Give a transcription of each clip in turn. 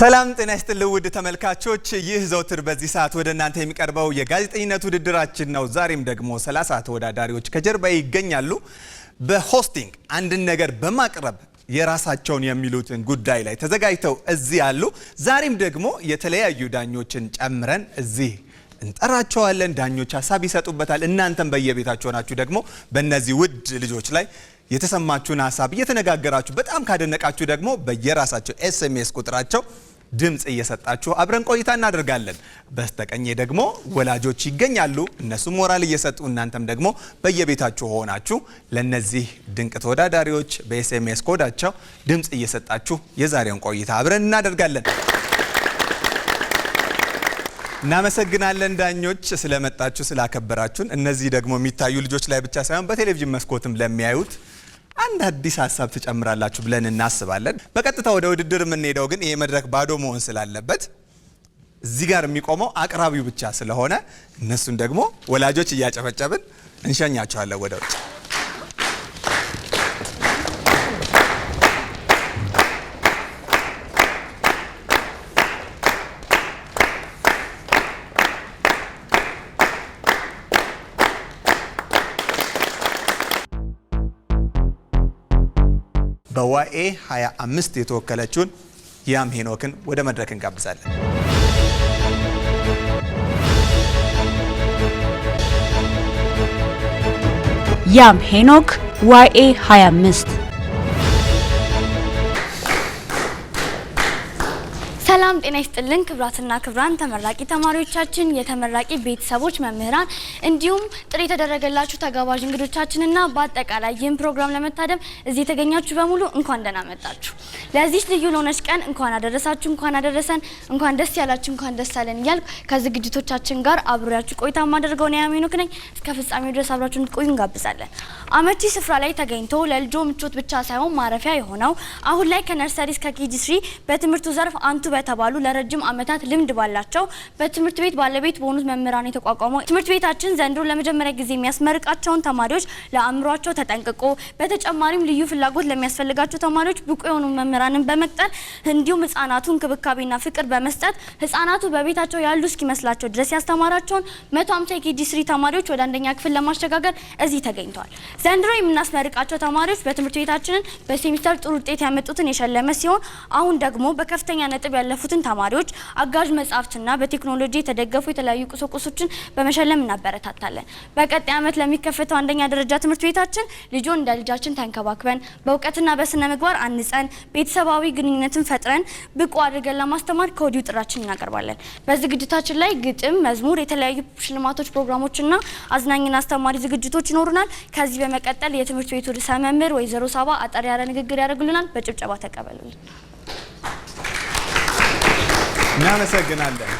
ሰላም ጤና ይስጥልን ውድ ተመልካቾች፣ ይህ ዘውትር በዚህ ሰዓት ወደ እናንተ የሚቀርበው የጋዜጠኝነት ውድድራችን ነው። ዛሬም ደግሞ 30 ተወዳዳሪዎች ከጀርባ ይገኛሉ። በሆስቲንግ አንድን ነገር በማቅረብ የራሳቸውን የሚሉትን ጉዳይ ላይ ተዘጋጅተው እዚህ አሉ። ዛሬም ደግሞ የተለያዩ ዳኞችን ጨምረን እዚህ እንጠራቸዋለን። ዳኞች ሀሳብ ይሰጡበታል። እናንተም በየቤታችሁ ናችሁ ደግሞ በእነዚህ ውድ ልጆች ላይ የተሰማችሁን ሀሳብ እየተነጋገራችሁ በጣም ካደነቃችሁ ደግሞ በየራሳቸው ኤስኤምኤስ ቁጥራቸው ድምፅ እየሰጣችሁ አብረን ቆይታ እናደርጋለን። በስተቀኝ ደግሞ ወላጆች ይገኛሉ። እነሱም ሞራል እየሰጡ እናንተም ደግሞ በየቤታችሁ ሆናችሁ ለነዚህ ድንቅ ተወዳዳሪዎች በኤስኤምኤስ ኮዳቸው ድምፅ እየሰጣችሁ የዛሬውን ቆይታ አብረን እናደርጋለን። እናመሰግናለን ዳኞች ስለመጣችሁ ስላከበራችሁን። እነዚህ ደግሞ የሚታዩ ልጆች ላይ ብቻ ሳይሆን በቴሌቪዥን መስኮትም ለሚያዩት አንድ አዲስ ሀሳብ ትጨምራላችሁ ብለን እናስባለን። በቀጥታ ወደ ውድድር የምንሄደው ግን ይሄ መድረክ ባዶ መሆን ስላለበት እዚህ ጋር የሚቆመው አቅራቢው ብቻ ስለሆነ እነሱን ደግሞ ወላጆች እያጨበጨብን እንሸኛቸዋለን ወደ ውጭ። ጉባኤ 25 የተወከለችውን ያም ሄኖክን ወደ መድረክ እንጋብዛለን። ያም ሄኖክ ዋኤ 25 ሰላም ጤና ይስጥልን ክብራትና ክብራን ተመራቂ ተማሪዎቻችን፣ የተመራቂ ቤተሰቦች፣ መምህራን እንዲሁም ጥሪ የተደረገላችሁ ተጋባዥ እንግዶቻችንና በአጠቃላይ ይህን ፕሮግራም ለመታደም እዚህ የተገኛችሁ በሙሉ እንኳን ደህና መጣችሁ። ለዚች ልዩ ለሆነች ቀን እንኳን አደረሳችሁ፣ እንኳን አደረሰን፣ እንኳን ደስ ያላችሁ፣ እንኳን ደስ ያለን እያልኩ ከዝግጅቶቻችን ጋር አብሬያችሁ ቆይታ የማደርገው ነው ያሚኑክ ነኝ። እስከ ፍጻሜው ድረስ አብራችሁ እንድትቆዩ እንጋብዛለን። አመቺ ስፍራ ላይ ተገኝቶ ለልጆ ምቾት ብቻ ሳይሆን ማረፊያ የሆነው አሁን ላይ ከነርሰሪ እስከ ኬጂ ስሪ በትምህርቱ ዘርፍ አንቱ በተባሉ ለረጅም ዓመታት ልምድ ባላቸው በትምህርት ቤት ባለቤት በሆኑት መምህራን የተቋቋመው ትምህርት ቤታችን ዘንድሮ ለመጀመሪያ ጊዜ የሚያስመርቃቸውን ተማሪዎች ለአእምሯቸው ተጠንቅቆ በተጨማሪም ልዩ ፍላጎት ለሚያስፈልጋቸው ተማሪዎች ብቁ የሆኑ መምህራንን በመቅጠር እንዲሁም ህጻናቱ እንክብካቤና ፍቅር በመስጠት ህጻናቱ በቤታቸው ያሉ እስኪመስላቸው ድረስ ያስተማራቸውን 150 ኬጂ ስሪ ተማሪዎች ወደ አንደኛ ክፍል ለማሸጋገር እዚህ ተገኝተዋል። ዘንድሮ የምናስመርቃቸው ተማሪዎች በትምህርት ቤታችንን በሴሚስተር ጥሩ ውጤት ያመጡትን የሸለመ ሲሆን አሁን ደግሞ በከፍተኛ ነጥብ ያለ ያለፉትን ተማሪዎች አጋዥ መጽሐፍትና በቴክኖሎጂ የተደገፉ የተለያዩ ቁሳቁሶችን በመሸለም እናበረታታለን። በቀጣይ ዓመት ለሚከፈተው አንደኛ ደረጃ ትምህርት ቤታችን ልጆን እንደ ልጃችን ተንከባክበን በእውቀትና በስነ ምግባር አንጸን ቤተሰባዊ ግንኙነትን ፈጥረን ብቁ አድርገን ለማስተማር ከወዲሁ ጥራችን እናቀርባለን። በዝግጅታችን ላይ ግጥም፣ መዝሙር፣ የተለያዩ ሽልማቶች፣ ፕሮግራሞችና አዝናኝና አስተማሪ ዝግጅቶች ይኖሩናል። ከዚህ በመቀጠል የትምህርት ቤቱ ርዕሰ መምህር ወይዘሮ ሳባ አጠር ያለ ንግግር ያደርጉልናል። በጭብጨባ ተቀበሉልን። እናመሰግናለን።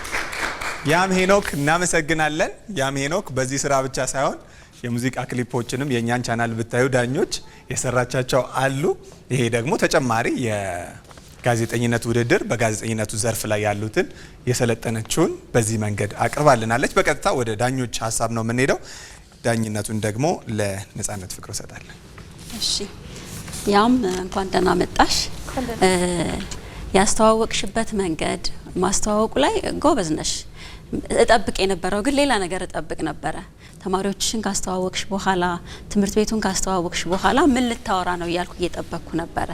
ያም ሄኖክ እናመሰግናለን። ያም ሄኖክ በዚህ ስራ ብቻ ሳይሆን የሙዚቃ ክሊፖችንም የእኛን ቻናል ብታዩ ዳኞች የሰራቻቸው አሉ። ይሄ ደግሞ ተጨማሪ የጋዜጠኝነት ውድድር በጋዜጠኝነቱ ዘርፍ ላይ ያሉትን የሰለጠነችውን በዚህ መንገድ አቅርባልናለች። በቀጥታ ወደ ዳኞች ሀሳብ ነው የምንሄደው። ዳኝነቱን ደግሞ ለነጻነት ፍቅር እሰጣለን። እሺ፣ ያም እንኳን ደህና መጣሽ። ያስተዋወቅሽበት መንገድ ማስተዋወቁ ላይ ጎበዝ ነሽ። እጠብቅ የነበረው ግን ሌላ ነገር እጠብቅ ነበረ። ተማሪዎችሽን ካስተዋወቅሽ በኋላ ትምህርት ቤቱን ካስተዋወቅሽ በኋላ ምን ልታወራ ነው እያልኩ እየጠበቅኩ ነበረ።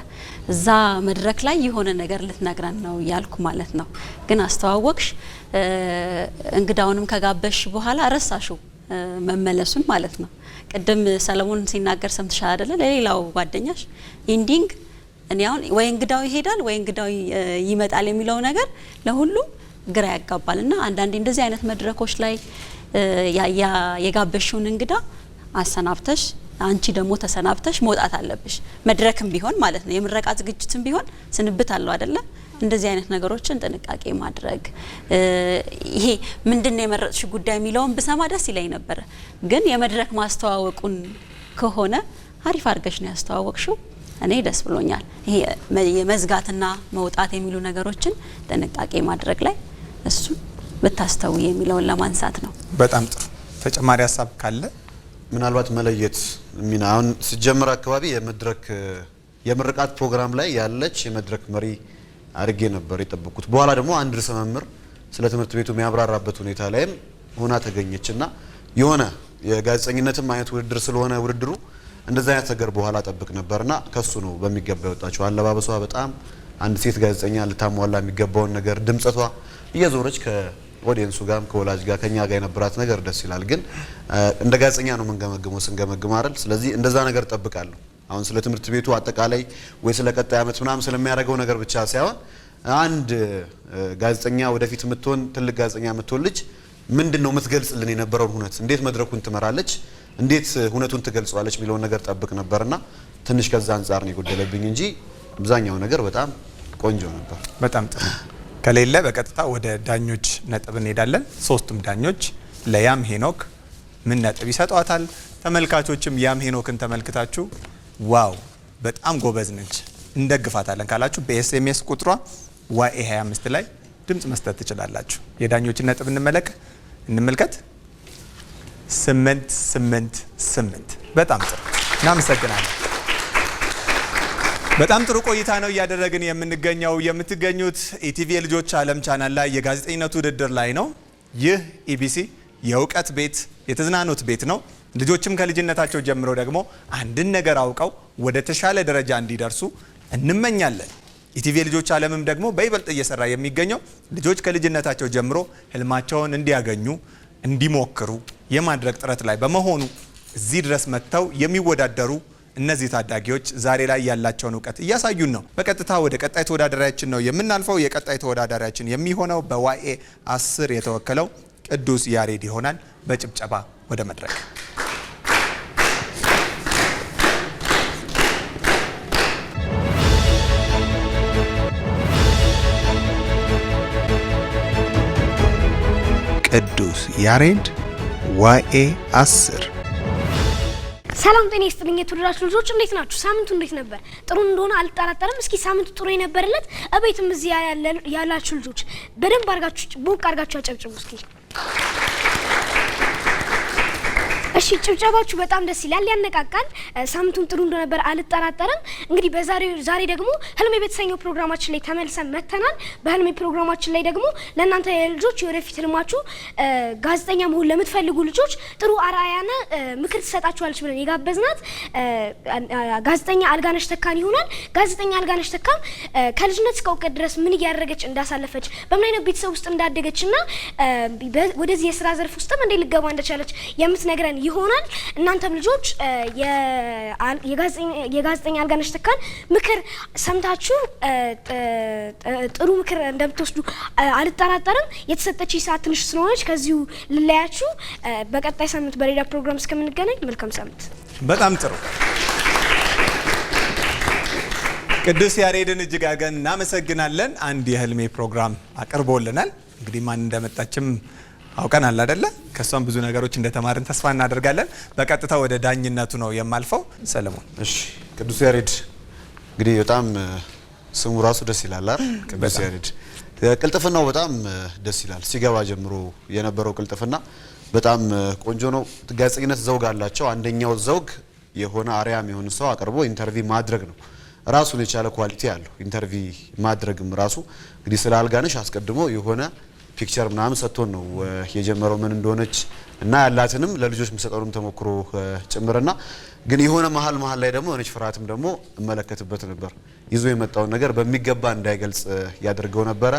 እዛ መድረክ ላይ የሆነ ነገር ልትነግረን ነው እያልኩ ማለት ነው። ግን አስተዋወቅሽ፣ እንግዳውንም ከጋበሽ በኋላ ረሳሹ መመለሱን ማለት ነው። ቅድም ሰለሞን ሲናገር ሰምተሻል አደለ? ለሌላው ጓደኛሽ ኢንዲንግ እኔ አሁን ወይ እንግዳው ይሄዳል ወይ እንግዳው ይመጣል የሚለው ነገር ለሁሉም ግራ ያጋባል እና አንዳንዴ እንደዚህ አይነት መድረኮች ላይ የጋበሽውን እንግዳ አሰናብተሽ አንቺ ደግሞ ተሰናብተሽ መውጣት አለብሽ። መድረክም ቢሆን ማለት ነው፣ የምረቃ ዝግጅትም ቢሆን ስንብት አለው አይደለም። እንደዚህ አይነት ነገሮችን ጥንቃቄ ማድረግ። ይሄ ምንድን ነው የመረጥሽ ጉዳይ የሚለውን ብሰማ ደስ ይለኝ ነበረ፣ ግን የመድረክ ማስተዋወቁን ከሆነ አሪፍ አድርገሽ ነው ያስተዋወቅሽው እኔ ደስ ብሎኛል። ይሄ የመዝጋትና መውጣት የሚሉ ነገሮችን ጥንቃቄ ማድረግ ላይ እሱ ብታስተው የሚለውን ለማንሳት ነው። በጣም ጥሩ። ተጨማሪ ሀሳብ ካለ ምናልባት መለየት ሚና አሁን ስጀምር አካባቢ የመድረክ የምርቃት ፕሮግራም ላይ ያለች የመድረክ መሪ አድርጌ ነበር የጠበቁት። በኋላ ደግሞ አንድ ርዕሰ መምህር ስለ ትምህርት ቤቱ የሚያብራራበት ሁኔታ ላይም ሆና ተገኘች እና የሆነ የጋዜጠኝነትም አይነት ውድድር ስለሆነ ውድድሩ እንደዛ አይነት ነገር በኋላ ጠብቅ ነበርና ከሱ ነው በሚገባ የወጣችው። አለባበሷ በጣም አንድ ሴት ጋዜጠኛ ልታሟላ የሚገባውን ነገር ድምጸቷ እየዞረች ከኦዲየንሱ ጋር ከወላጅ ጋር ከኛ ጋር የነበራት ነገር ደስ ይላል። ግን እንደ ጋዜጠኛ ነው የምንገመግመው ስንገመግም አይደል? ስለዚህ እንደዛ ነገር ጠብቃለሁ። አሁን ስለ ትምህርት ቤቱ አጠቃላይ ወይ ስለ ቀጣይ ዓመት ምናምን ስለሚያደርገው ነገር ብቻ ሳይሆን አንድ ጋዜጠኛ ወደፊት የምትሆን ትልቅ ጋዜጠኛ የምትሆን ልጅ ምንድን ነው የምትገልጽልን የነበረውን ሁነት እንዴት መድረኩን ትመራለች እንዴት እውነቱን ትገልጸዋለች የሚለውን ነገር ጠብቅ ነበርና ትንሽ ከዛ አንጻር ነው የጎደለብኝ እንጂ አብዛኛው ነገር በጣም ቆንጆ ነበር። በጣም ጥሩ። ከሌለ በቀጥታ ወደ ዳኞች ነጥብ እንሄዳለን። ሶስቱም ዳኞች ለያም ሄኖክ ምን ነጥብ ይሰጧታል? ተመልካቾችም ያም ሄኖክን ተመልክታችሁ ዋው በጣም ጎበዝ ነች እንደግፋታለን ካላችሁ በኤስኤምኤስ ቁጥሯ ዋኤ 25 ላይ ድምፅ መስጠት ትችላላችሁ። የዳኞችን ነጥብ እንመለክ እንመልከት። ስምንት ስምንት ስምንት በጣም ጥሩ እናመሰግናለን። በጣም ጥሩ ቆይታ ነው እያደረግን የምንገኘው። የምትገኙት ኢቲቪ የልጆች አለም ቻናል ላይ የጋዜጠኝነት ውድድር ላይ ነው። ይህ ኢቢሲ የእውቀት ቤት የተዝናኖት ቤት ነው። ልጆችም ከልጅነታቸው ጀምሮ ደግሞ አንድን ነገር አውቀው ወደ ተሻለ ደረጃ እንዲደርሱ እንመኛለን። ኢቲቪ ልጆች አለምም ደግሞ በይበልጥ እየሰራ የሚገኘው ልጆች ከልጅነታቸው ጀምሮ ህልማቸውን እንዲያገኙ እንዲሞክሩ የማድረግ ጥረት ላይ በመሆኑ እዚህ ድረስ መጥተው የሚወዳደሩ እነዚህ ታዳጊዎች ዛሬ ላይ ያላቸውን እውቀት እያሳዩን ነው። በቀጥታ ወደ ቀጣይ ተወዳዳሪያችን ነው የምናልፈው። የቀጣይ ተወዳዳሪያችን የሚሆነው በዋኤ አስር የተወከለው ቅዱስ ያሬድ ይሆናል። በጭብጨባ ወደ መድረክ ቅዱስ ያሬድ ዋኤ 10 ሰላም ጤና ይስጥልኝ የተወደዳችሁ ልጆች እንዴት ናችሁ? ሳምንቱ እንዴት ነበር? ጥሩ እንደሆነ አልጠራጠርም። እስኪ ሳምንቱ ጥሩ የነበረለት እቤትም እዚህ ያላችሁ ልጆች በደንብ አርጋችሁ ሞቅ አርጋችሁ አጨብጭቡ እስኪ። እሺ ጭብጨባችሁ በጣም ደስ ይላል፣ ያነቃቃል። ሳምንቱን ጥሩ እንደነበር አልጠራጠርም። እንግዲህ በዛሬው ዛሬ ደግሞ ህልሜ በተሰኘው ፕሮግራማችን ላይ ተመልሰን መተናል። በህልሜ ፕሮግራማችን ላይ ደግሞ ለእናንተ ልጆች የወደፊት ህልማችሁ ጋዜጠኛ መሆን ለምትፈልጉ ልጆች ጥሩ አርአያና ምክር ትሰጣችኋለች ብለን የጋበዝናት ጋዜጠኛ አልጋነሽ ተካን ይሆናል። ጋዜጠኛ አልጋነሽ ተካም ከልጅነት እስከ እውቀት ድረስ ምን እያደረገች እንዳሳለፈች፣ በምን አይነት ቤተሰብ ውስጥ እንዳደገችና ወደዚህ የስራ ዘርፍ ውስጥም እንዴት ልገባ እንደቻለች የምትነግረን ይሆናል። እናንተም ልጆች የጋዜጠኛ አልጋነሽ ተካን ምክር ሰምታችሁ ጥሩ ምክር እንደምትወስዱ አልጠራጠርም። የተሰጠች ሰዓት ትንሽ ስለሆነች ከዚሁ ልለያችሁ። በቀጣይ ሳምንት በሌላ ፕሮግራም እስከምንገናኝ መልካም ሳምንት። በጣም ጥሩ። ቅዱስ ያሬድን እጅግ አገን እናመሰግናለን። አንድ የህልሜ ፕሮግራም አቅርቦልናል። እንግዲህ ማን እንደመጣችም አውቀናል አይደለ? ከእሷም ብዙ ነገሮች እንደተማርን ተስፋ እናደርጋለን። በቀጥታ ወደ ዳኝነቱ ነው የማልፈው። ሰለሞን እሺ። ቅዱስ ያሬድ እንግዲህ በጣም ስሙ ራሱ ደስ ይላል አይደል? ቅዱስ ያሬድ ቅልጥፍናው በጣም ደስ ይላል። ሲገባ ጀምሮ የነበረው ቅልጥፍና በጣም ቆንጆ ነው። ጋዜጠኝነት ዘውግ አላቸው። አንደኛው ዘውግ የሆነ አርያም የሆነ ሰው አቅርቦ ኢንተርቪው ማድረግ ነው። ራሱን የቻለ ኳሊቲ አለው ኢንተርቪው ማድረግም ራሱ እንግዲህ ስለ አልጋነሽ አስቀድሞ የሆነ ፒክቸር ምናምን ሰጥቶን ነው የጀመረው ምን እንደሆነች እና ያላትንም ለልጆች የምሰጠውንም ተሞክሮ ጭምርና ግን የሆነ መሀል መሀል ላይ ደግሞ የሆነች ፍርሃትም ደግሞ እመለከትበት ነበር። ይዞ የመጣውን ነገር በሚገባ እንዳይገልጽ ያደርገው ነበረ።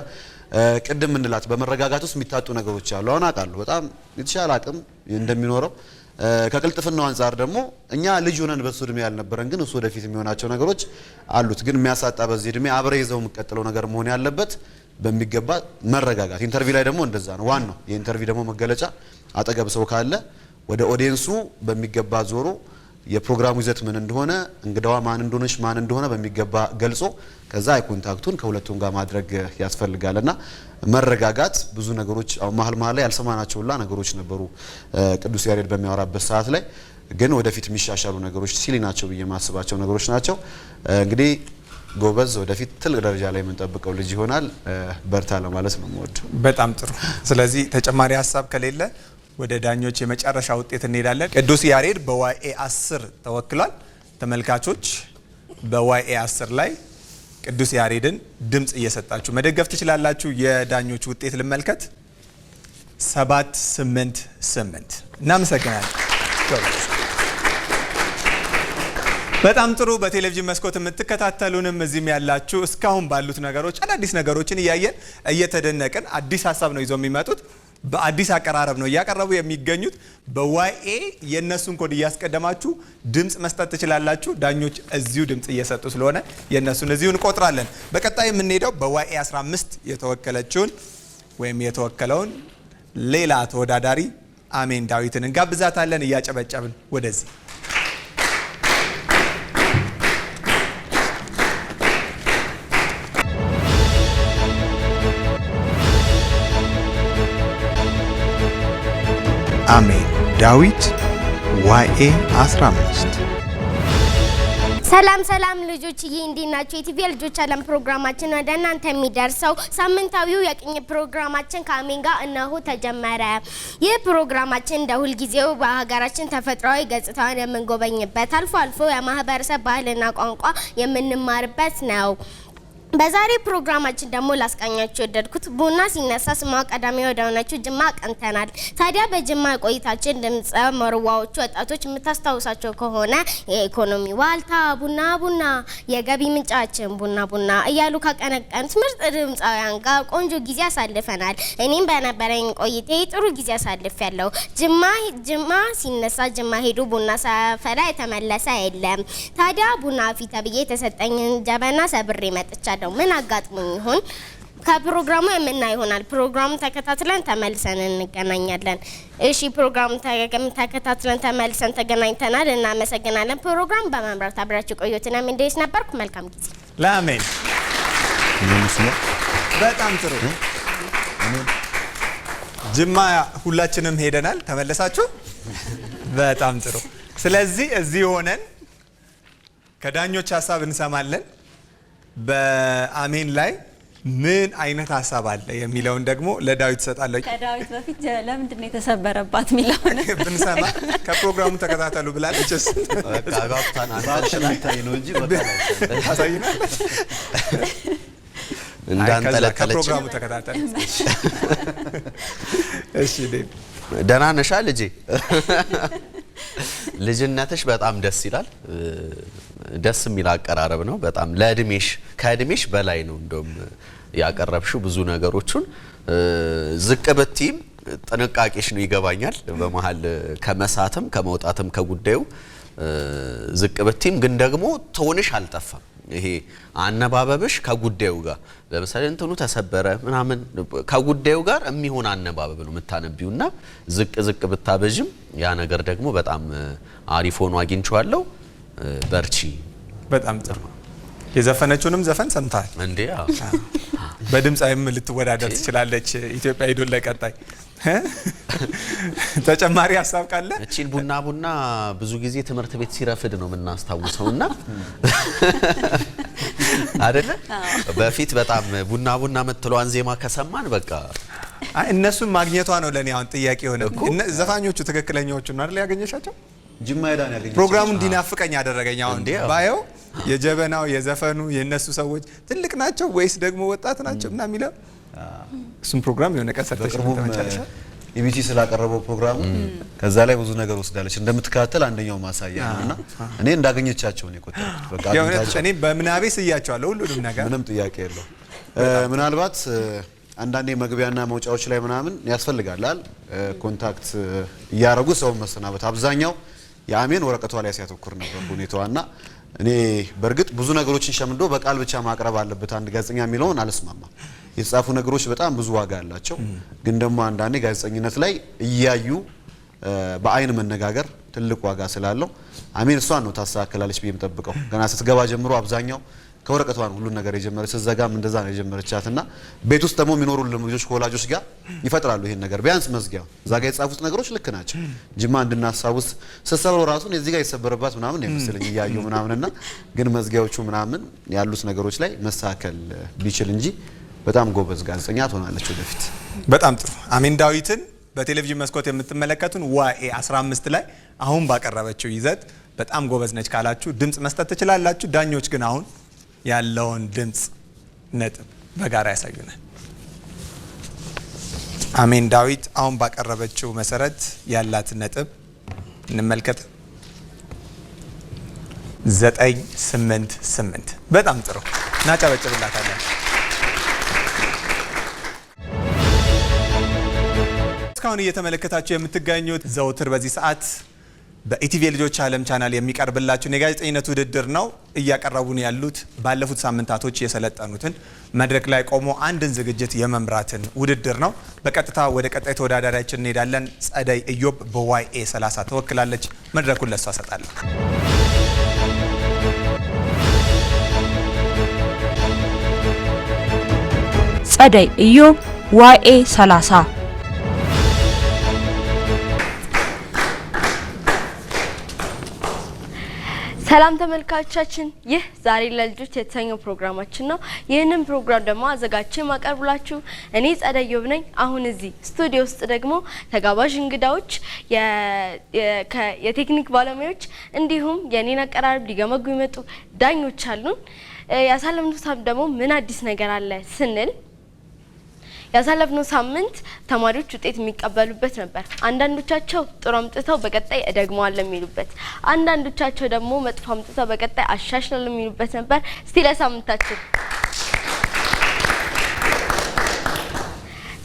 ቅድም ምንላት በመረጋጋት ውስጥ የሚታጡ ነገሮች አሉ። አሁን አውቃለሁ በጣም የተሻለ አቅም እንደሚኖረው ከቅልጥፍናው አንጻር ደግሞ እኛ ልጅ ሆነን በሱ እድሜ ያልነበረን ግን እሱ ወደፊት የሚሆናቸው ነገሮች አሉት። ግን የሚያሳጣ በዚህ እድሜ አብረ ይዘው የምቀጥለው ነገር መሆን ያለበት በሚገባ መረጋጋት። ኢንተርቪው ላይ ደግሞ እንደዛ ነው። ዋናው የኢንተርቪው ደግሞ መገለጫ አጠገብ ሰው ካለ ወደ ኦዲየንሱ በሚገባ ዞሮ የፕሮግራሙ ይዘት ምን እንደሆነ እንግዳዋ ማን እንደሆነች ማን እንደሆነ በሚገባ ገልጾ ከዛ አይ ኮንታክቱን ከሁለቱም ጋር ማድረግ ያስፈልጋል እና መረጋጋት ብዙ ነገሮች መሀል መሀል ላይ ያልሰማናቸው ነገሮች ነበሩ ቅዱስ ያሬድ በሚያወራበት ሰዓት ላይ ግን ወደፊት የሚሻሻሉ ነገሮች ሲሊ ናቸው ብዬ ማስባቸው ነገሮች ናቸው እንግዲህ ጎበዝ፣ ወደፊት ትልቅ ደረጃ ላይ የምንጠብቀው ልጅ ይሆናል። በርታ ለማለት ነው የምወደው። በጣም ጥሩ። ስለዚህ ተጨማሪ ሀሳብ ከሌለ ወደ ዳኞች የመጨረሻ ውጤት እንሄዳለን። ቅዱስ ያሬድ በዋይኤ 10 ተወክሏል። ተመልካቾች በዋይኤ 10 ላይ ቅዱስ ያሬድን ድምፅ እየሰጣችሁ መደገፍ ትችላላችሁ። የዳኞች ውጤት ልመልከት። ሰባት ስምንት ስምንት እናመሰግናለን። በጣም ጥሩ። በቴሌቪዥን መስኮት የምትከታተሉንም እዚህም ያላችሁ እስካሁን ባሉት ነገሮች አዳዲስ ነገሮችን እያየን እየተደነቅን፣ አዲስ ሀሳብ ነው ይዘው የሚመጡት በአዲስ አቀራረብ ነው እያቀረቡ የሚገኙት። በዋይኤ የእነሱን ኮድ እያስቀደማችሁ ድምፅ መስጠት ትችላላችሁ። ዳኞች እዚሁ ድምፅ እየሰጡ ስለሆነ የእነሱን እዚሁ እንቆጥራለን። በቀጣይ የምንሄደው በዋይኤ 15 የተወከለችውን ወይም የተወከለውን ሌላ ተወዳዳሪ አሜን ዳዊትን እንጋብዛታለን። እያጨበጨብን ወደዚህ አሜን። ዳዊት ዋኤ 15 ሰላም ሰላም ልጆችዬ፣ እንዴት ናችሁ? የቲቪ ልጆች አለም ፕሮግራማችን ወደ እናንተ የሚደርሰው ሳምንታዊው የቅኝ ፕሮግራማችን ከአሜን ጋር እነሆ ተጀመረ። ይህ ፕሮግራማችን እንደ ሁልጊዜው በሀገራችን ተፈጥሯዊ ገጽታን የምንጎበኝበት አልፎ አልፎ የማህበረሰብ ባህልና ቋንቋ የምንማርበት ነው። በዛሬ ፕሮግራማችን ደግሞ ላስቃኛችሁ የወደድኩት ቡና ሲነሳ ስሟ ቀዳሚ ወደ ጅማ ቀንተናል። ታዲያ በጅማ ቆይታችን ድምፀ መርዋዎቹ ወጣቶች የምታስታውሳቸው ከሆነ የኢኮኖሚ ዋልታ ቡና ቡና፣ የገቢ ምንጫችን ቡና ቡና እያሉ ካቀነቀኑት ምርጥ ድምፃውያን ጋር ቆንጆ ጊዜ አሳልፈናል። እኔም በነበረኝ ቆይቴ ጥሩ ጊዜ አሳልፍ ያለው ጅማ ጅማ ሲነሳ ጅማ ሄዱ ቡና ሳፈላ የተመለሰ የለም። ታዲያ ቡና ፊተብዬ የተሰጠኝን ጀበና ሰብሬ መጥቻለሁ። የምንሄደው? ምን አጋጥሞኝ ይሆን? ከፕሮግራሙ የምናይ ይሆናል። ፕሮግራሙ ተከታትለን ተመልሰን እንገናኛለን። እሺ፣ ፕሮግራሙ ተከታትለን ተመልሰን ተገናኝተናል። እናመሰግናለን። ፕሮግራም በመምራት አብራችሁ ቆዩትና ምንድስ ነበርኩ። መልካም ጊዜ። ለአሜን። በጣም ጥሩ። ጅማ ሁላችንም ሄደናል። ተመለሳችሁ? በጣም ጥሩ። ስለዚህ እዚህ ሆነን ከዳኞች ሀሳብ እንሰማለን። በአሜን ላይ ምን አይነት ሀሳብ አለ የሚለውን ደግሞ ለዳዊት ትሰጣለች ከዳዊት በፊት ለምንድን ነው የተሰበረባት የሚለውን ብንሰማ ከፕሮግራሙ ተከታተሉ ብላለች። እንዳንጠለጠለች ከፕሮግራሙ ተከታተሉ። እሺ ደህና ነሻ ልጄ? ልጅነትሽ በጣም ደስ ይላል። ደስ የሚል አቀራረብ ነው። በጣም ለእድሜሽ ከእድሜሽ በላይ ነው እንደም ያቀረብሽው ብዙ ነገሮቹን ዝቅ ብትይም ጥንቃቄሽ ነው ይገባኛል። በመሀል ከመሳትም ከመውጣትም ከጉዳዩ ዝቅ ብትም ግን ደግሞ ቶንሽ አልጠፋም። ይሄ አነባበብሽ ከጉዳዩ ጋር ለምሳሌ እንትኑ ተሰበረ ምናምን ከጉዳዩ ጋር የሚሆን አነባበብ ነው የምታነቢውና ዝቅ ዝቅ ብታበዥም ያ ነገር ደግሞ በጣም አሪፍ ሆኖ አግኝቼዋለሁ። በርቺ። በጣም ጥሩ። የዘፈነችውንም ዘፈን ሰምታል እንዴ? በድምፃዊም ልትወዳደር ትችላለች ኢትዮጵያ አይዶል ለቀጣይ ተጨማሪ ሀሳብ ካለ እቺን ቡና ቡና ብዙ ጊዜ ትምህርት ቤት ሲረፍድ ነው የምናስታውሰው እና አደለ በፊት በጣም ቡና ቡና የምትለዋን ዜማ ከሰማን በቃ እነሱን ማግኘቷ ነው ለእኔ አሁን ጥያቄ የሆነ ዘፋኞቹ ትክክለኛዎቹ ነው አይደል ያገኘሻቸው ፕሮግራሙ እንዲናፍቀኝ ያደረገኝ አሁን ባየው የጀበናው የዘፈኑ የእነሱ ሰዎች ትልቅ ናቸው ወይስ ደግሞ ወጣት ናቸው እና የሚለው እሱም ፕሮግራም የሆነ ቀን ሰርተሽ ኢቢቲ ስላቀረበው ፕሮግራሙ ከዛ ላይ ብዙ ነገር ወስዳለች እንደምትከታተል አንደኛው ማሳያ ነውና እኔ እንዳገኘቻቸው ነው የቆጠርኩት። እኔ በምናቤ ስያቸዋለሁ ሁሉንም ነገር ምንም ጥያቄ የለው። ምናልባት አንዳንዴ መግቢያና መውጫዎች ላይ ምናምን ያስፈልጋላል ኮንታክት እያረጉ ሰውን መሰናበት አብዛኛው የአሜን ወረቀቷ ላይ ሲያተኩር ነበር ሁኔታዋና እኔ በእርግጥ ብዙ ነገሮችን ሸምዶ በቃል ብቻ ማቅረብ አለበት አንድ ጋዜጠኛ የሚለውን አልስማማም። የተጻፉ ነገሮች በጣም ብዙ ዋጋ አላቸው። ግን ደግሞ አንዳንዴ ጋዜጠኝነት ላይ እያዩ በአይን መነጋገር ትልቅ ዋጋ ስላለው አሜን እሷን ነው ታስተካክላለች ብዬ የምጠብቀው። ገና ስትገባ ጀምሮ አብዛኛው ከወረቀቷ ነው ሁሉን ነገር የጀመረች። ስትዘጋም እንደዛ ነው የጀመረቻት እና ቤት ውስጥ ደግሞ የሚኖሩ ልጆች ከወላጆች ጋር ይፈጥራሉ ይሄን ነገር ቢያንስ መዝጊያ እዛ ጋር ነገሮች ልክ ናቸው። ጅማ እንድናስታውስ ስትሰብረው ራሱን እዚህ ጋር የተሰበረባት ምናምን ነው እያዩ ምናምን እና ግን መዝጊያዎቹ ምናምን ያሉት ነገሮች ላይ መስተካከል ቢችል እንጂ በጣም ጎበዝ ጋዜጠኛ ትሆናለች ወደፊት። በጣም ጥሩ አሜን ዳዊትን በቴሌቪዥን መስኮት የምትመለከቱን ዋኤ 15 ላይ አሁን ባቀረበችው ይዘት በጣም ጎበዝ ነች ካላችሁ ድምጽ መስጠት ትችላላችሁ። ዳኞች ግን አሁን ያለውን ድምፅ ነጥብ በጋራ ያሳዩናል። አሜን። ዳዊት አሁን ባቀረበችው መሰረት ያላትን ነጥብ እንመልከት። ዘጠኝ ስምንት ስምንት በጣም ጥሩ እናጨበጭብላታለን። እስካሁን እየተመለከታችሁ የምትገኙት ዘውትር በዚህ ሰዓት በኢቲቪ ልጆች ዓለም ቻናል የሚቀርብላችሁን የጋዜጠኝነት ውድድር ነው። እያቀረቡን ያሉት ባለፉት ሳምንታቶች የሰለጠኑትን መድረክ ላይ ቆሞ አንድን ዝግጅት የመምራትን ውድድር ነው። በቀጥታ ወደ ቀጣይ ተወዳዳሪያችን እንሄዳለን። ጸደይ እዮብ በዋይኤ 30 ተወክላለች። መድረኩን ለሷ እሰጣለሁ። ጸደይ እዮብ ዋይኤ 30 ሰላም ተመልካቾቻችን፣ ይህ ዛሬ ለልጆች የተሰኘው ፕሮግራማችን ነው። ይህንን ፕሮግራም ደግሞ አዘጋጅቼ የማቀርብላችሁ እኔ ጸደይ ነኝ። አሁን እዚህ ስቱዲዮ ውስጥ ደግሞ ተጋባዥ እንግዳዎች፣ የቴክኒክ ባለሙያዎች እንዲሁም የእኔን አቀራረብ ሊገመጉ የመጡ ዳኞች አሉን። ያሳለፍነው ሳምንት ደግሞ ምን አዲስ ነገር አለ ስንል ያሳለፍነው ሳምንት ተማሪዎች ውጤት የሚቀበሉበት ነበር። አንዳንዶቻቸው ጥሩ አምጥተው በቀጣይ እደግመዋለሁ የሚሉበት፣ አንዳንዶቻቸው ደግሞ መጥፎ አምጥተው በቀጣይ አሻሽላለሁ የሚሉበት ነበር። እስቲ ለሳምንታችን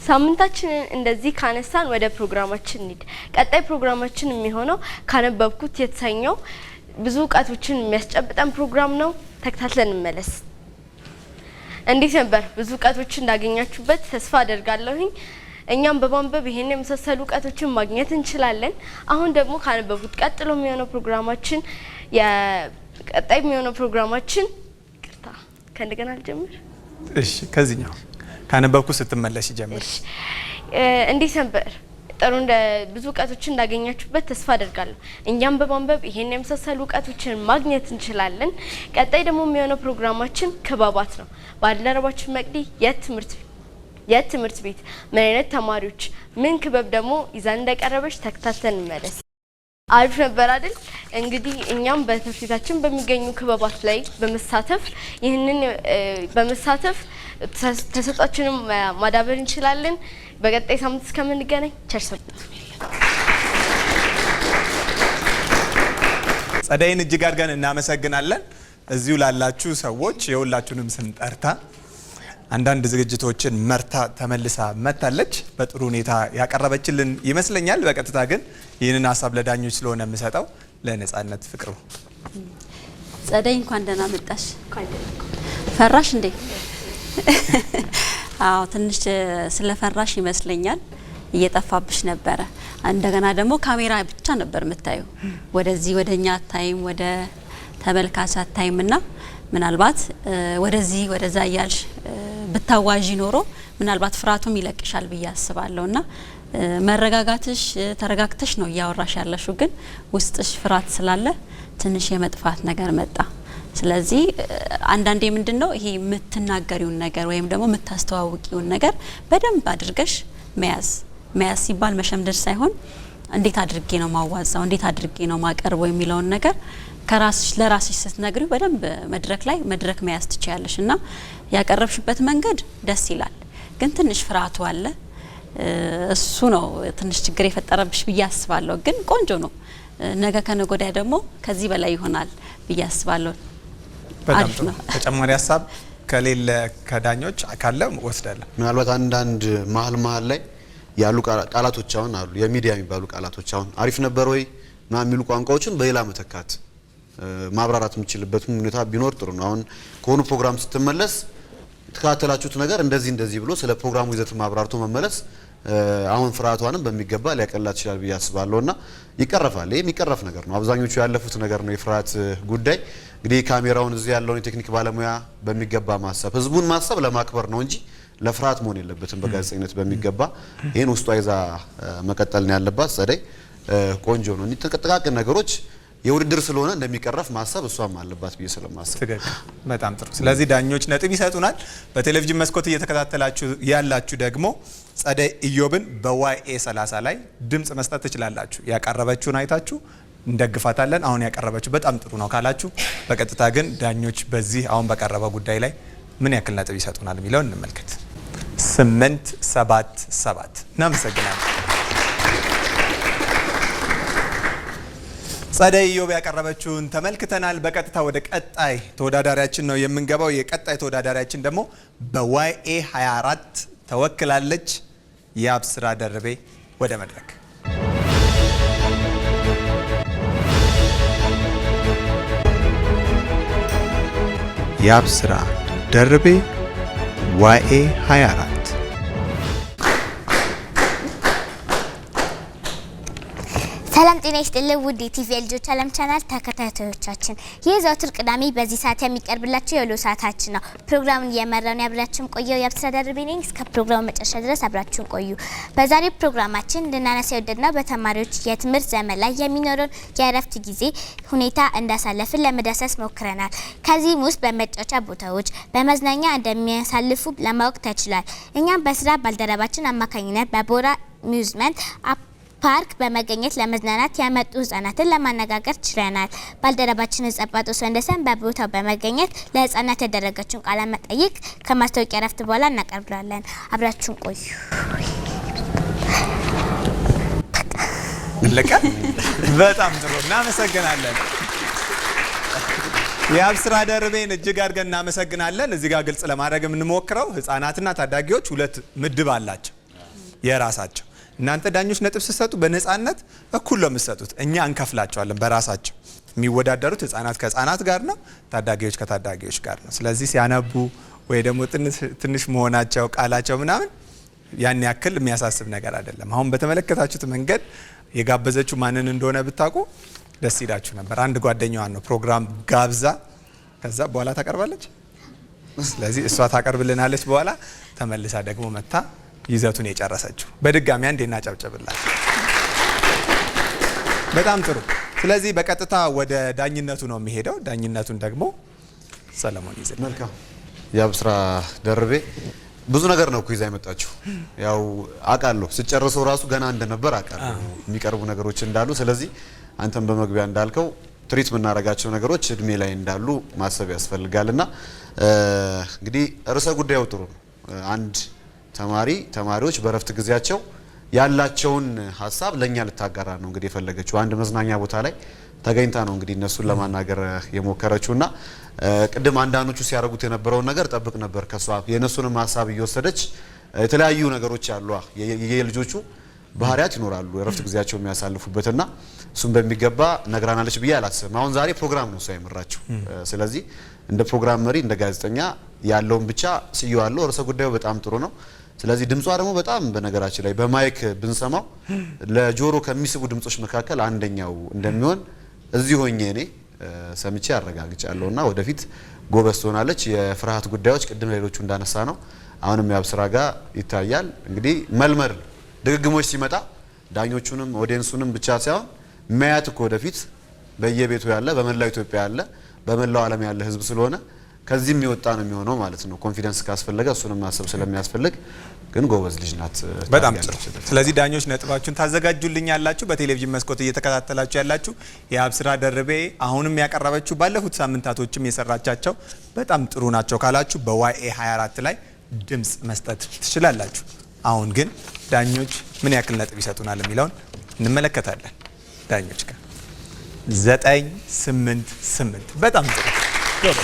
ሳምንታችንን እንደዚህ ካነሳን ወደ ፕሮግራማችን እንሂድ። ቀጣይ ፕሮግራማችን የሚሆነው ካነበብኩት የተሰኘው ብዙ እውቀቶችን የሚያስጨብጠን ፕሮግራም ነው። ተከታትለን እንመለስ። እንዴት ነበር? ብዙ እውቀቶች እንዳገኛችሁበት ተስፋ አደርጋለሁኝ። እኛም በማንበብ ይሄን የመሳሰሉ እውቀቶችን ማግኘት እንችላለን። አሁን ደግሞ ካነበቡት ቀጥሎ የሚሆነው ፕሮግራማችን የቀጣይ የሚሆነው ፕሮግራማችን ቅርታ ከእንደገና ልጀምር። እሺ፣ ከዚህኛው ካነበብኩ ስትመለሽ ጀምር። እንዴት ነበር? ጥሩ ብዙ እውቀቶችን እንዳገኛችሁበት ተስፋ አደርጋለሁ። እኛም በማንበብ ይሄን የመሳሰሉ እውቀቶችን ማግኘት እንችላለን። ቀጣይ ደግሞ የሚሆነው ፕሮግራማችን ክበባት ነው። ባልደረባችን መቅዲ የት ትምህርት ቤት ምን አይነት ተማሪዎች ምን ክበብ ደግሞ ይዛ እንደቀረበች ተከታተን እንመለስ። አሪፍ ነበር አይደል? እንግዲህ እኛም በትምህርት ቤታችን በሚገኙ ክበባት ላይ በመሳተፍ ይህንን በመሳተፍ ተሰጧችንም ማዳበር እንችላለን። በቀጣይ ሳምንት እስከምንገናኝ ቸር ሰንብቱ። ጸደይን እጅግ አድርገን እናመሰግናለን። እዚሁ ላላችሁ ሰዎች የሁላችሁንም ስም ጠርታ አንዳንድ ዝግጅቶችን መርታ ተመልሳ መታለች። በጥሩ ሁኔታ ያቀረበችልን ይመስለኛል። በቀጥታ ግን ይህንን ሀሳብ ለዳኞች ስለሆነ የምሰጠው ለነጻነት ፍቅሩ። ጸደይ እንኳን ደህና መጣሽ። ፈራሽ እንዴ? አዎ ትንሽ ስለፈራሽ ይመስለኛል እየጠፋብሽ ነበረ። እንደገና ደግሞ ካሜራ ብቻ ነበር የምታዩ፣ ወደዚህ ወደኛ አታይም፣ ወደ ተመልካች አታይም። ና ምናልባት ወደዚህ ወደዛ እያልሽ ብታዋዥ ኖሮ ምናልባት ፍርሃቱም ይለቅሻል ብዬ አስባለሁ። ና መረጋጋትሽ ተረጋግተሽ ነው እያወራሽ ያለሹ፣ ግን ውስጥሽ ፍርሃት ስላለ ትንሽ የመጥፋት ነገር መጣ። ስለዚህ አንዳንዴ ምንድን ነው ይሄ የምትናገሪውን ነገር ወይም ደግሞ የምታስተዋውቂውን ነገር በደንብ አድርገሽ መያዝ መያዝ ሲባል መሸምደድ ሳይሆን እንዴት አድርጌ ነው ማዋዛው፣ እንዴት አድርጌ ነው ማቀርበው የሚለውን ነገር ከራስሽ ለራስሽ ስትነግሪ በደንብ መድረክ ላይ መድረክ መያዝ ትችያለሽ እና ያቀረብሽበት መንገድ ደስ ይላል። ግን ትንሽ ፍርሃቱ አለ። እሱ ነው ትንሽ ችግር የፈጠረብሽ ብዬ አስባለሁ። ግን ቆንጆ ነው። ነገ ከነገ ወዲያ ደግሞ ከዚህ በላይ ይሆናል ብዬ አስባለሁ። ተጨማሪ ሀሳብ ከሌለ ከዳኞች ካለ ወስዳለሁ። ምናልባት አንዳንድ መሀል መሀል ላይ ያሉ ቃላቶች አሁን አሉ የሚዲያ የሚባሉ ቃላቶች አሁን አሪፍ ነበር ወይ ና የሚሉ ቋንቋዎችን በሌላ መተካት ማብራራት የምችልበትም ሁኔታ ቢኖር ጥሩ ነው። አሁን ከሆኑ ፕሮግራም ስትመለስ የተከታተላችሁት ነገር እንደዚህ እንደዚህ ብሎ ስለ ፕሮግራሙ ይዘት ማብራርቶ መመለስ አሁን ፍርሃቷንም በሚገባ ሊያቀላት ይችላል ብዬ አስባለሁ እና ይቀረፋል። ይህ የሚቀረፍ ነገር ነው። አብዛኞቹ ያለፉት ነገር ነው የፍርሃት ጉዳይ። እንግዲህ ካሜራውን እዚህ ያለውን የቴክኒክ ባለሙያ በሚገባ ማሰብ፣ ህዝቡን ማሰብ ለማክበር ነው እንጂ ለፍርሃት መሆን የለበትም። በጋዜጠኝነት በሚገባ ይህን ውስጧ ይዛ መቀጠል ነው ያለባት። ጸደይ ቆንጆ ነው። ጥቃቅን ነገሮች የውድድር ስለሆነ እንደሚቀረፍ ማሰብ እሷም አለባት ብዬ ስለማሰብ በጣም ጥሩ። ስለዚህ ዳኞች ነጥብ ይሰጡናል። በቴሌቪዥን መስኮት እየተከታተላችሁ ያላችሁ ደግሞ ጸደይ ኢዮብን በዋይኤ 30 ላይ ድምፅ መስጠት ትችላላችሁ። ያቀረበችውን አይታችሁ እንደግፋታለን። አሁን ያቀረበችው በጣም ጥሩ ነው ካላችሁ፣ በቀጥታ ግን ዳኞች በዚህ አሁን በቀረበ ጉዳይ ላይ ምን ያክል ነጥብ ይሰጡናል የሚለውን እንመልከት። ስምንት ሰባት ሰባት። እናመሰግናለን። ጸደይ ኢዮብ ያቀረበችውን ተመልክተናል። በቀጥታ ወደ ቀጣይ ተወዳዳሪያችን ነው የምንገባው። የቀጣይ ተወዳዳሪያችን ደግሞ በዋይኤ 24 ተወክላለች። የአብስራ ደርቤ ወደ መድረክ የአብስራ ደርቤ ዋይኤ 24 ጤና ይስጥልኝ ውድ የቲቪ የልጆች ዓለም ቻናል ተከታታዮቻችን፣ ይህ ዘወትር ቅዳሜ በዚህ ሰዓት የሚቀርብላችሁ የውሎ ሰዓታችን ነው። ፕሮግራሙን እየመራን ያብራችሁን ቆየው የአብስተዳደር ቤኔኝ እስከ ፕሮግራሙ መጨረሻ ድረስ አብራችሁን ቆዩ። በዛሬው ፕሮግራማችን ልናነሳ የወደድነው በተማሪዎች የትምህርት ዘመን ላይ የሚኖረውን የእረፍት ጊዜ ሁኔታ እንዳሳለፍን ለመዳሰስ ሞክረናል። ከዚህም ውስጥ በመጫወቻ ቦታዎች፣ በመዝናኛ እንደሚያሳልፉ ለማወቅ ተችሏል። እኛም በስራ ባልደረባችን አማካኝነት በቦራ ፓርክ በመገኘት ለመዝናናት ያመጡ ህጻናትን ለማነጋገር ችለናል። ባልደረባችን ጸባጦስ ወንደሰን በቦታው በመገኘት ለህጻናት ያደረገችውን ቃለ መጠይቅ ከማስታወቂያ ረፍት በኋላ እናቀርብላለን። አብራችሁን ቆዩ። ለቀ በጣም ጥሩ እናመሰግናለን። የአብስራ ደርቤን እጅግ አድርገን እናመሰግናለን። እዚህ ጋር ግልጽ ለማድረግ የምንሞክረው ህጻናትና ታዳጊዎች ሁለት ምድብ አላቸው የራሳቸው እናንተ ዳኞች ነጥብ ስትሰጡ በነፃነት እኩል ነው የምትሰጡት። እኛ እንከፍላቸዋለን በራሳቸው የሚወዳደሩት ህጻናት ከህጻናት ጋር ነው፣ ታዳጊዎች ከታዳጊዎች ጋር ነው። ስለዚህ ሲያነቡ ወይ ደግሞ ትንሽ መሆናቸው ቃላቸው ምናምን ያን ያክል የሚያሳስብ ነገር አይደለም። አሁን በተመለከታችሁት መንገድ የጋበዘችው ማንን እንደሆነ ብታውቁ ደስ ይላችሁ ነበር። አንድ ጓደኛዋን ነው ፕሮግራም ጋብዛ ከዛ በኋላ ታቀርባለች። ስለዚህ እሷ ታቀርብልናለች፣ በኋላ ተመልሳ ደግሞ መታ ይዘቱን የጨረሰችው። በድጋሚ አንድ እናጨብጭብላችሁ። በጣም ጥሩ። ስለዚህ በቀጥታ ወደ ዳኝነቱ ነው የሚሄደው። ዳኝነቱን ደግሞ ሰለሞን ይዘ መልካም የአብስራ ደርቤ ብዙ ነገር ነው እኮ ይዛ የመጣችሁ። ያው አውቃለሁ ስጨርሰው ራሱ ገና እንደነበር አውቃለሁ የሚቀርቡ ነገሮች እንዳሉ። ስለዚህ አንተም በመግቢያ እንዳልከው ትሪት የምናደርጋቸው ነገሮች እድሜ ላይ እንዳሉ ማሰብ ያስፈልጋል። እና እንግዲህ ርዕሰ ጉዳዩ ጥሩ ነው። አንድ ተማሪ ተማሪዎች በእረፍት ጊዜያቸው ያላቸውን ሀሳብ ለእኛ ልታጋራ ነው እንግዲህ የፈለገችው አንድ መዝናኛ ቦታ ላይ ተገኝታ ነው እንግዲህ እነሱን ለማናገር የሞከረችው እና ቅድም አንዳንዶቹ ሲያደርጉት የነበረውን ነገር ጠብቅ ነበር ከሷ የእነሱንም ሀሳብ እየወሰደች የተለያዩ ነገሮች አሉ። የልጆቹ ባህሪያት ይኖራሉ የረፍት ጊዜያቸው ና እሱም በሚገባ ነግራናለች ብዬ አላስብም። አሁን ዛሬ ፕሮግራም ነው እሷ የመራችው። ስለዚህ እንደ ፕሮግራም መሪ እንደ ጋዜጠኛ ያለውን ብቻ አለው። ርዕሰ ጉዳዩ በጣም ጥሩ ነው። ስለዚህ ድምጿ ደግሞ በጣም በነገራችን ላይ በማይክ ብንሰማው ለጆሮ ከሚስቡ ድምጾች መካከል አንደኛው እንደሚሆን እዚህ ሆኜ እኔ ሰምቼ እና ወደፊት ጎበዝ ትሆናለች። የፍርሃት ጉዳዮች ቅድም ሌሎቹ እንዳነሳ ነው አሁንም የአብስራ ጋር ይታያል። እንግዲህ መልመር ድግግሞች ሲመጣ ዳኞቹንም ኦዲየንሱንም ብቻ ሳይሆን መያት እኮ ወደፊት በየቤቱ ያለ በመላው ኢትዮጵያ ያለ በመላው ዓለም ያለ ህዝብ ስለሆነ ከዚህ የሚወጣ ነው የሚሆነው ማለት ነው። ኮንፊደንስ ካስፈለገ እሱንም ማሰብ ስለሚያስፈልግ ግን ጎበዝ ልጅ ናት። በጣም ጥሩ። ስለዚህ ዳኞች ነጥባችሁን ታዘጋጁልኝ ያላችሁ በቴሌቪዥን መስኮት እየተከታተላችሁ ያላችሁ የአብስራ ደርቤ አሁንም ያቀረበችው ባለፉት ሳምንታቶችም የሰራቻቸው በጣም ጥሩ ናቸው ካላችሁ በዋኤ 24 ላይ ድምፅ መስጠት ትችላላችሁ። አሁን ግን ዳኞች ምን ያክል ነጥብ ይሰጡናል የሚለውን እንመለከታለን። ዳኞች ጋር ዘጠኝ 8 ስምንት በጣም ጥሩ